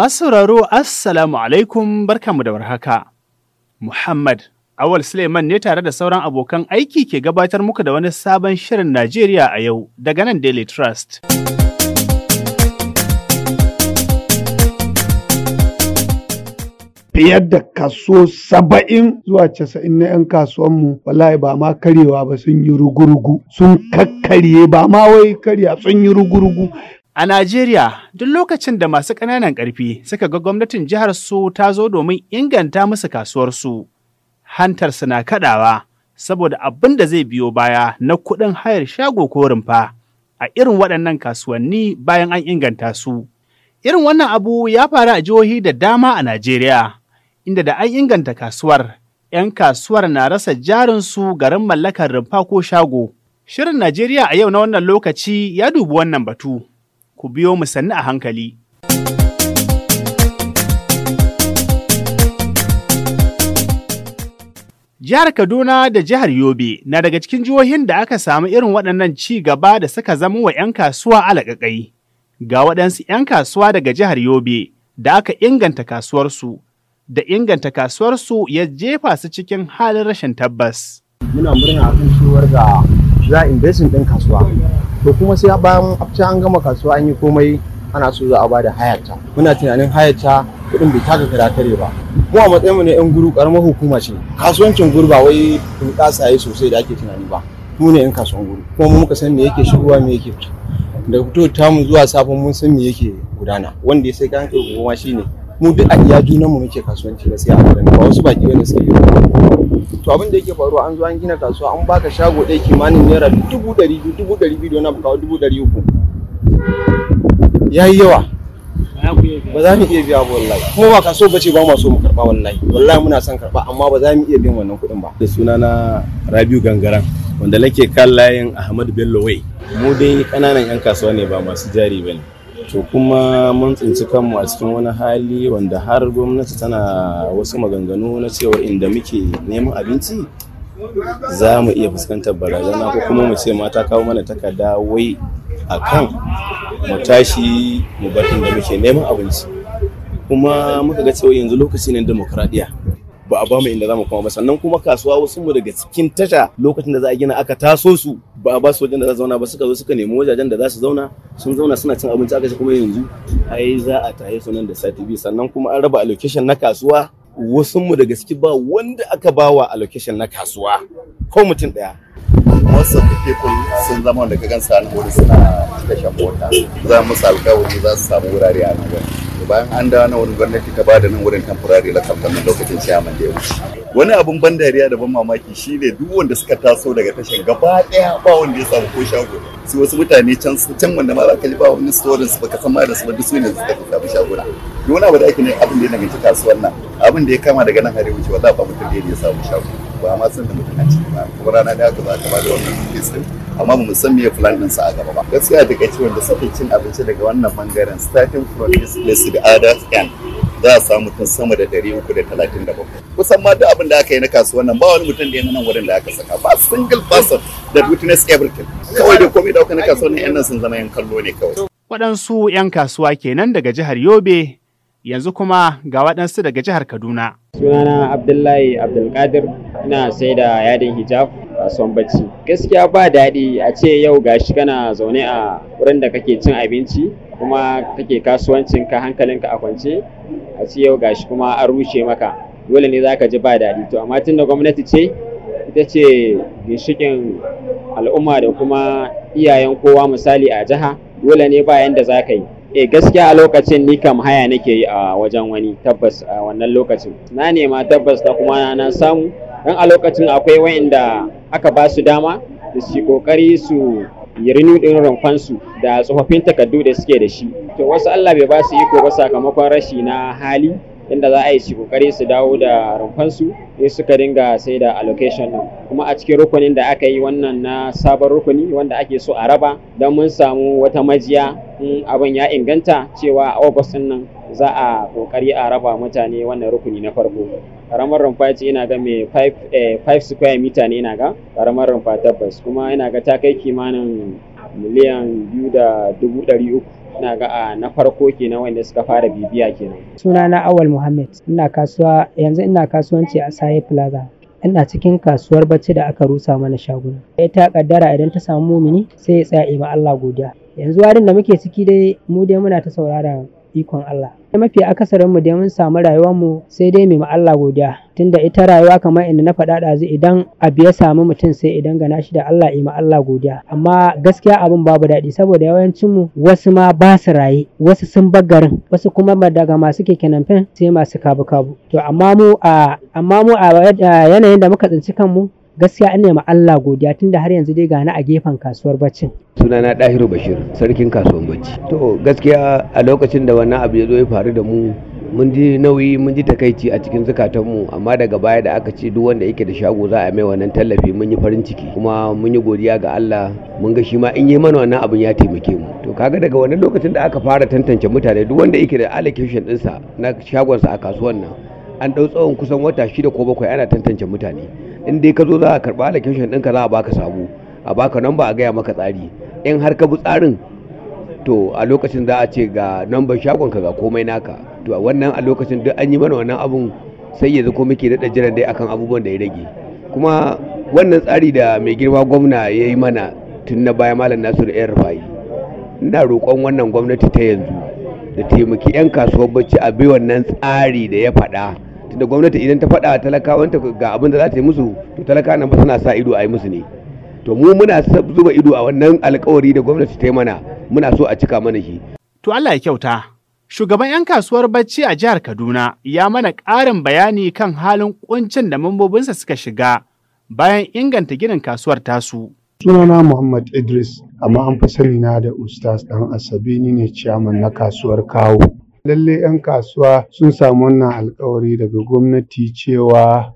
Masu sauraro Assalamu alaikum barkanmu da warhaka. Muhammad Awal Suleiman ne tare da sauran abokan aiki ke gabatar muku da wani sabon shirin Najeriya a yau daga nan Daily Trust. fiye da kaso saba'in zuwa casa'in na 'yan kasuwanmu wallahi ba ma karyewa ba sun yi rugurugu sun kakkarye ba ma wai karya sun yi rugurugu A Najeriya, duk lokacin da masu ƙananan ƙarfi suka ga gwamnatin jihar su ta zo domin inganta musu kasuwarsu, hantarsu na kaɗawa saboda abin da zai biyo baya na kuɗin hayar shago ko rumfa a irin waɗannan kasuwanni bayan an inganta su. Irin wannan abu ya faru a jihohi da dama a Najeriya, inda da an inganta kasuwar, 'yan kasuwar na rasa jarinsu garin mallakar rumfa ko shago. Shirin Najeriya a yau na wannan lokaci ya dubi wannan batu. ku biyo mu sannu a hankali. Jihar Kaduna da jihar Yobe na daga cikin jihohin da aka samu irin waɗannan ci gaba da suka zama wa 'yan kasuwa alaƙaƙai. Ga waɗansu 'yan kasuwa daga jihar Yobe da aka inganta kasuwarsu, da inganta kasuwarsu ya jefa su cikin halin rashin tabbas. Muna murna akan shiwar ga za a investin ɗin kasuwa to kuma sai bayan after an gama kasuwa an yi komai ana so za a ba da hayata muna tunanin hayata kuɗin bai taka tare ba mu a matsayin mu ne yan guru karamar hukuma ce kasuwancin guru ba wai bunƙasa yi sosai da ake tunani ba mu ne yan kasuwan guru kuma mu muka san me yake shigowa me yake fita daga ta mu zuwa safin mun san me yake gudana wanda ya sai kayan kai goma shine mu duk a iya mu muke kasuwanci gaskiya a garin ba wasu baki wanda suke yi to abin da yake faruwa an zo an gina kasuwa an baka shago ɗaya kimanin naira dubu ɗari biyu dubu ɗari biyu na bukawa dubu ɗari uku ya yi yawa ba za mu iya biya ba wallahi kuma ba kaso ba ce ba ma so mu karɓa wallahi wallahi muna son karɓa amma ba za mu iya biyan wannan kuɗin ba da suna na rabiu gangaran wanda nake kallayen ahmad bello wai mu dai ƙananan 'yan kasuwa ne ba masu jari ba ne to kuma mun tsinci kanmu a cikin wani hali wanda har gwamnati tana wasu maganganu na cewa inda muke neman abinci za mu iya fuskantar barazana ko kuma mu ce mata kawo mana takarda wai a kan mu tashi mu bar inda muke neman abinci kuma muka ga cewa yanzu lokaci ne demokradiya ba a ba mu inda za mu kuma ba sannan kuma kasuwa wasu mu daga cikin tasha lokacin da za a gina aka taso su ba ba su wajen da za su zauna ba suka zo suka nemi wajajen da za su zauna sun zauna suna cin abinci aka ce kuma yanzu ai za a taye su nan da sati biyu sannan kuma an raba allocation na kasuwa wasun mu da gaske ba wanda aka ba bawa allocation na kasuwa ko mutum daya wasu kun sun zama da kagan sa nan wuri suna shan mota za mu sa alƙawari za su samu wurare a nan bayan an dawo na wani gwamnati ta bada nan wurin temporary la kamfanin lokacin ciyaman da ya wuce wani abin ban dariya da ban mamaki shine duk wanda suka taso daga tashin gaba daya ba wanda ya samu ko shago su wasu mutane can su can wanda ma zaka ji ba wani storin su baka san ma da su ba duk su ne suka samu shago na duk wani abu da ake ne abin da ya nagaci kasuwar nan abin da ya kama daga nan arewa ce wallahi ba mutum da ya samu shago ba ma san da mutum a cikin ba kuma rana da aka ba ka ba da wannan kuɗi amma ba mu san me plan din sa a gaba ba gaskiya da kace wanda suka cin abinci daga wannan bangaren starting from this place the other end za a samu tun sama da 337 uku da talatin da bakwai kusan ma duk abin da aka yi na kasuwan nan ba wani mutum da yana nan wurin da aka saka ba single person that witness everything kawai da komai da na kasuwan nan yan nan sun zama yan kallo ne kawai. waɗansu yan kasuwa kenan daga jihar yobe yanzu kuma ga waɗansu daga jihar kaduna. sunana abdullahi abdulkadir ina sai da yadin hijab kasuwan bacci gaskiya ba daɗi a ce yau gashi kana zaune a wurin da kake cin abinci kuma kake kasuwancin ka hankalinka a kwance a ce yau gashi kuma an rushe maka dole ne za ka ji ba daɗi to amma tun da gwamnati ce ita ce ginshikin al'umma da kuma iyayen kowa misali a jiha dole ne ba yanda za ka yi eh gaskiya a lokacin ni kam haya nake yi a wajen wani tabbas a wannan lokacin na nema tabbas na kuma na samu dan a lokacin akwai wayanda aka ba su dama da su kokari su renew din rumfansu da tsofaffin takardu da suke da shi to wasu Allah bai ba su iko ba sakamakon rashi na hali inda za a yi shi kokari su dawo da rumfansu in suka dinga sai da allocation din kuma a cikin rukunin da aka yi wannan na sabon rukuni wanda ake so a raba don mun samu wata majiya in abin ya inganta cewa a august nan za a kokari a raba mutane wannan rukuni na farko karamar rumfa ce ina ga mai 5 eh, square meter ne ina ga karamar rumfa tabbas kuma yana ga ta kai kimanin miliyan biyu da dubu ɗari uku ina ga a na farko kenan wanda suka fara bibiya kenan suna na awal muhammad ina kasuwa yanzu ina kasuwanci a saye plaza ina cikin kasuwar bacci da aka rusa mana shaguna ta kaddara idan ta samu mumini sai ya tsaya ma Allah godiya yanzu warin da muke ciki dai mu dai muna ta saurara ikon Allah mafi akasarin mu dai mun samu rayuwar mu sai dai mai Allah godiya tunda ita rayuwa kamar inda na faɗa ɗazu idan abu ya samu mutum sai idan gana shi da Allah ima Allah godiya amma gaskiya abin babu daɗi saboda yawancin mu wasu ma ba su raye wasu sun bar garin wasu kuma daga masu keke namfen sai masu kabu kabu to amma mu a amma mu a yanayin da muka tsinci kanmu gaskiya ina ma Allah godiya tunda har yanzu dai gani a gefen kasuwar baccin sunana Dahiru Bashir sarkin kasuwar bacci to gaskiya a lokacin da wannan abu ya zo ya faru da mu mun ji nauyi mun ji takaici a cikin zukatanmu amma daga baya da aka ce duk wanda yake da shago za a mai wannan tallafi mun yi farin ciki kuma mun yi godiya ga Allah mun ga shi ma in yi mana wannan abin ya taimake mu to kaga daga wannan lokacin da aka fara tantance mutane duk wanda yake da allocation sa na shagonsa a kasuwar nan an ɗau tsawon kusan wata shida ko bakwai ana tantance mutane in dai ka zo za a karɓa allocation ɗinka za a baka sabo a baka namba a gaya maka tsari in har ka bi tsarin to a lokacin za a ce ga shagon ka ga komai naka to wannan a lokacin duk an yi mana wannan abun sai yanzu ko muke daɗa jiran dai akan abubuwan da ya rage kuma wannan tsari da mai girma gwamna ya yi mana tun na baya malam nasiru yan rufayi ina roƙon wannan gwamnati ta yanzu da taimaki 'yan kasuwar bacci a bi wannan tsari da ya faɗa da gwamnati idan ta faɗa talakawanta ga abin da za ta yi musu to talaka nan ba suna sa ido a yi musu ne to mu muna zuba ido a wannan alkawari da gwamnati ta yi mana muna so a cika mana shi. To Allah ya kyauta. Shugaban 'yan kasuwar bacci a jihar Kaduna ya mana ƙarin bayani kan halin kuncin da mambobinsa suka shiga bayan inganta ginin kasuwar tasu. Sunana Muhammad Idris, amma an fi sani na da Ustaz Dan Asabe ni ne ciyaman na kasuwar kawo. Lallai 'yan kasuwa sun samu wannan alkawari daga gwamnati cewa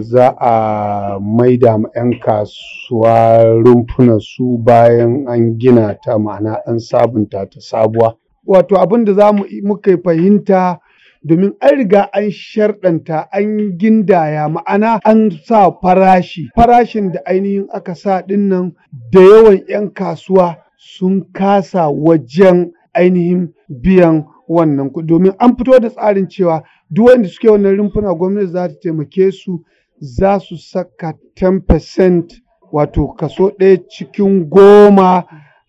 za a maida ma 'yan kasuwa su bayan an gina ta ma'ana an sabunta ta sabuwa. Wato abin da za mu muka fahimta domin an riga an sharɗanta an gindaya ma'ana an sa farashi farashin da ainihin aka sa ɗinnan da yawan 'yan kasuwa sun kasa wajen ainihin biyan wannan kuɗi domin an fito da tsarin cewa duk wanda suke wannan rumfuna gwamnati za ta taimake su za su saka 10% wato kaso ɗaya cikin goma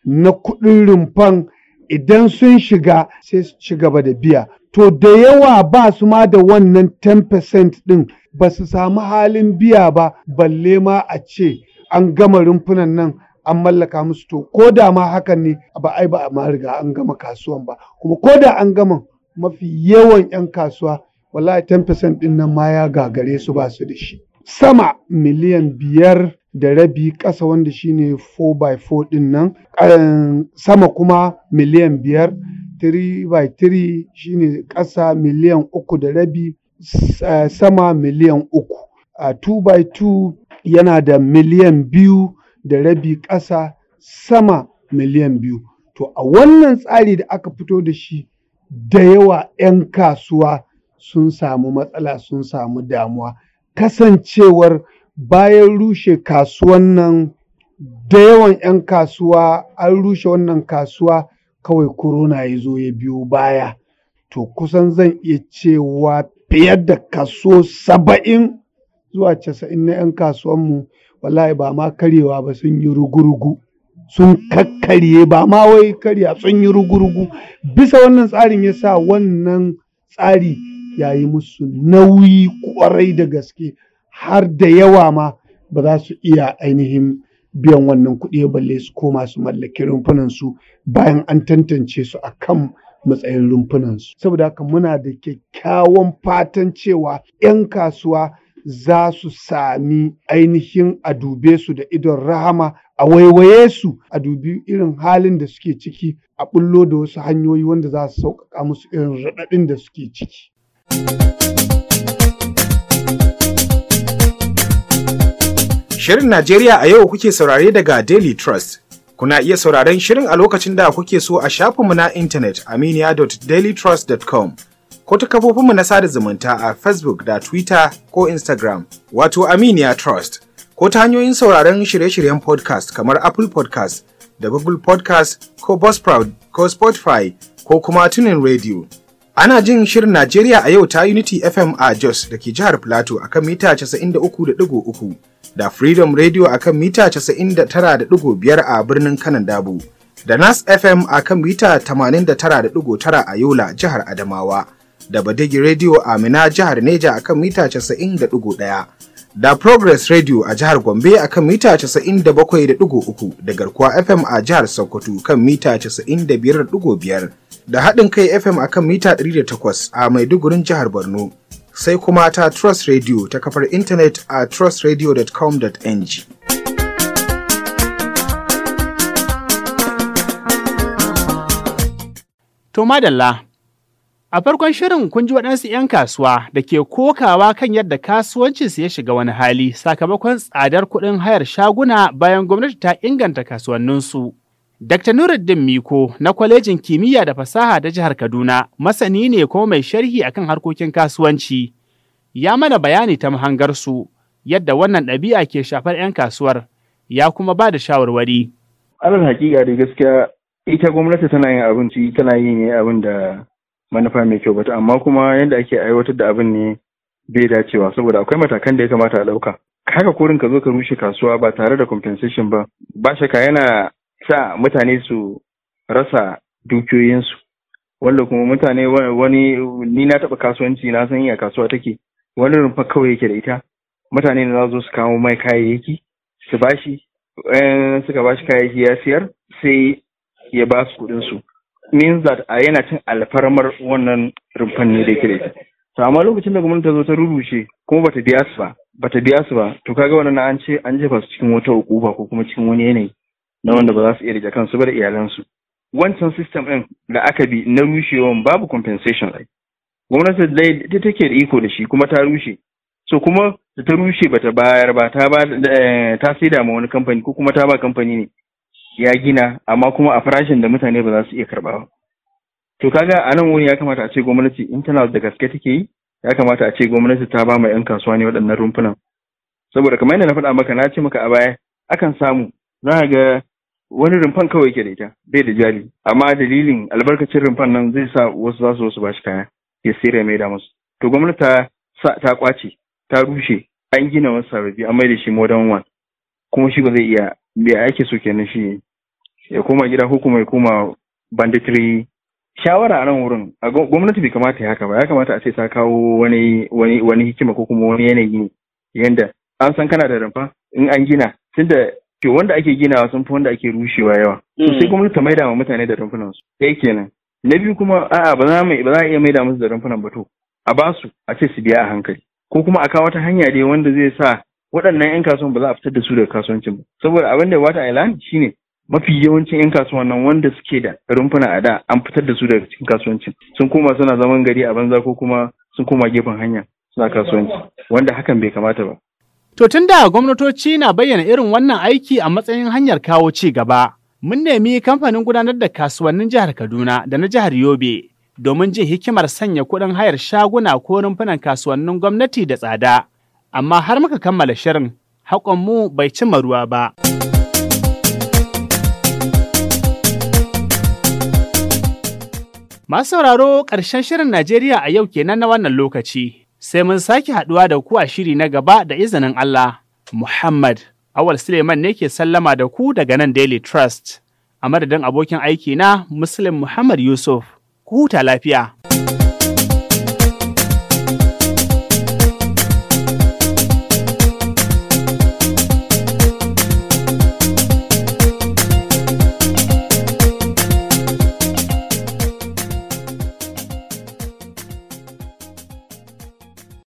na kuɗin rumfan idan sun shiga sai su ci gaba da biya to da yawa ba su ma da wannan 10% ɗin ba su samu halin biya ba balle ma a ce an gama rumfunan nan an mallaka musu to ko da ma hakan ne ba ai ba ma riga an gama kasuwan ba kuma ko da an gama mafi yawan 'yan kasuwa wallahi 10% din nan ma ya gagare su ba su da shi sama miliyan biyar da rabi kasa wanda shine 4x4 din nan sama kuma miliyan biyar 3x3 shine ƙasa miliyan uku da rabi eh, sama miliyan uku 2 ah, by 2 yana da miliyan biyu da rabi ƙasa sama miliyan biyu. To a wannan tsari da aka fito da shi da yawa 'yan kasuwa sun samu matsala sun samu damuwa kasancewar bayan rushe kasuwan nan da yawan 'yan kasuwa an rushe wannan kasuwa kawai korona ya zo ya biyo baya to kusan zan iya cewa fiye da kaso saba'in zuwa casa'in na 'yan kasuwanmu wallahi ba ma karyewa ba sun yi rugurugu sun kakkarye ba ma wai karya sun yi rugurugu bisa wannan tsarin ya sa wannan tsari ya yi musu nauyi kwarai da gaske har da yawa ma ba za su iya ainihin biyan wannan kuɗi balle su koma su mallaki rumfunansu bayan an tantance su a kan matsayin rumfunansu saboda haka muna da kyakkyawan fatan cewa 'yan kasuwa za su sami ainihin a dube su da idon rahama a waiwaye su a dubi irin halin da suke ciki a bullo da wasu hanyoyi wanda za su sauƙaƙa musu irin raɗaɗin da suke ciki. Shirin Najeriya a yau kuke saurare daga Daily Trust. Kuna iya sauraren shirin a lokacin da kuke so a shafinmu na intanet aminiya.dailytrust.com. ko ta kafofinmu na sada zumunta a Facebook da Twitter ko Instagram, wato Aminiya Trust, ko ta hanyoyin sauraron shirye-shiryen podcast kamar Apple podcast da Google podcast ko Buzzsprout ko Spotify ko kuma tunin radio. Ana jin shirin Najeriya a yau ta Unity FM a Jos da ke jihar Plateau a kan mita 93.3 da Freedom Radio a kan mita 99.5 a birnin Kanan Dabo, da Nas FM a kan mita 89.9 a Yola, jihar Adamawa. da Badegi Radio Minna jihar Neja akan mita 90.1 da Progress Radio a jihar Gombe akan mita 97.3 da Garkuwa FM a jihar Sokoto kan mita 95.5 da haɗin kai FM akan mita 108 a Maidugurin jihar Borno. Sai kuma ta Trust Radio ta kafar intanet a trustradio.com.ng. To madalla A farkon shirin kun ji waɗansu 'yan kasuwa da ke kokawa kan yadda kasuwancinsu ya shiga wani hali sakamakon tsadar kuɗin hayar shaguna bayan gwamnati ta inganta kasuwanninsu. Dr. Nuruddin Miko na kwalejin kimiyya da fasaha da jihar Kaduna masani ne kuma mai sharhi akan harkokin kasuwanci. Ya mana bayani ta mahangarsu yadda wannan ɗabi'a ke shafar 'yan kasuwar ya kuma ba da shawarwari. Alal hakika da gaskiya ita gwamnati tana yin abinci tana yin abin da manufa mai kyau ba ta amma kuma yadda ake aiwatar da abin ne bai dacewa saboda akwai matakan da ya kamata a ɗauka Kaka kurin ka zo ka rushe kasuwa ba tare da compensation ba ba shaka yana sa mutane su rasa dukiyoyinsu wanda kuma mutane wani ni na taɓa kasuwanci na san iya kasuwa take wani rumfa kawai yake da ita mutane na za zo su kawo mai kayayyaki su bashi eh, suka bashi kayayyaki ya siyar sai ya ba su kuɗin su means that a yana cin alfarmar wannan rumfan ne da yake da ita to amma lokacin da gwamnati ta zo ta rubuce kuma bata biya su ba bata biya su ba to kaga wannan an ce an jefa su cikin wata hukuma ko kuma cikin wani yanayi na wanda ba za su iya rike kansu ba da iyalansu wancan system din da aka bi na rushewan babu compensation right gwamnati dai ta take da iko da shi kuma ta rushe so kuma da ta rushe bata bayar ba ta ba eh, ta saida ma wani kamfani ko kuma ta ba kamfani ne ya gina amma kuma a farashin da mutane ba za su iya karɓa ba to kaga a nan wuri ya kamata a ce gwamnati in tana da gaske take yi ya kamata a ce gwamnati ta ba ma 'yan kasuwa ne waɗannan rumfunan saboda kamar yadda na faɗa maka na ce maka a baya akan samu na ga wani rumfan kawai ke da ita bai da jari amma dalilin albarkacin rumfan nan zai sa wasu za su wasu ba shi kaya ya sirya mai da musu to gwamnati ta ta kwace ta rushe an gina wasu sababbi an mai da shi modern one kuma shi ba zai iya me ake so kenan shi ya koma gida ko kuma ya koma banditry shawara a nan wurin a gwamnati bai kamata ya haka ba ya kamata a ce ta kawo wani hikima ko kuma wani yanayi yanda an san kana da rumfa in an gina tunda to wanda ake ginawa sun fi wanda ake rushewa yawa to sai mm. gwamnati ta maida wa mutane da rumfunan su kai kenan na biyu kuma a'a ba za a iya maida musu da rumfunan ba to a ba su a ce su biya a hankali ko kuma a kawo wata hanya dai wanda zai sa waɗannan 'yan kasuwan ba za a fitar da su daga kasuwancin ba saboda abin da ya wata island shine mafi yawancin 'yan kasuwan nan wanda suke da rumfuna a da an fitar da su daga cikin kasuwancin sun koma suna zaman gari a banza ko kuma sun koma gefen hanya suna kasuwanci wanda hakan bai kamata ba. To tun da gwamnatoci na bayyana irin wannan aiki a matsayin hanyar kawo ci gaba, mun nemi kamfanin gudanar da kasuwannin jihar Kaduna da na jihar Yobe domin jin hikimar sanya kuɗin hayar shaguna ko rumfunan kasuwannin gwamnati da tsada. Amma har muka kammala shirin, mu bai cimma ruwa ba. Masu sauraro ƙarshen shirin Najeriya a yau kenan na wannan lokaci, sai mun sake haɗuwa da ku a shiri na gaba da izinin Allah. Muhammad Awal Suleiman ne ke sallama da ku daga nan Daily Trust, a madadin abokin aiki na Muslim Muhammad Yusuf, ku huta lafiya.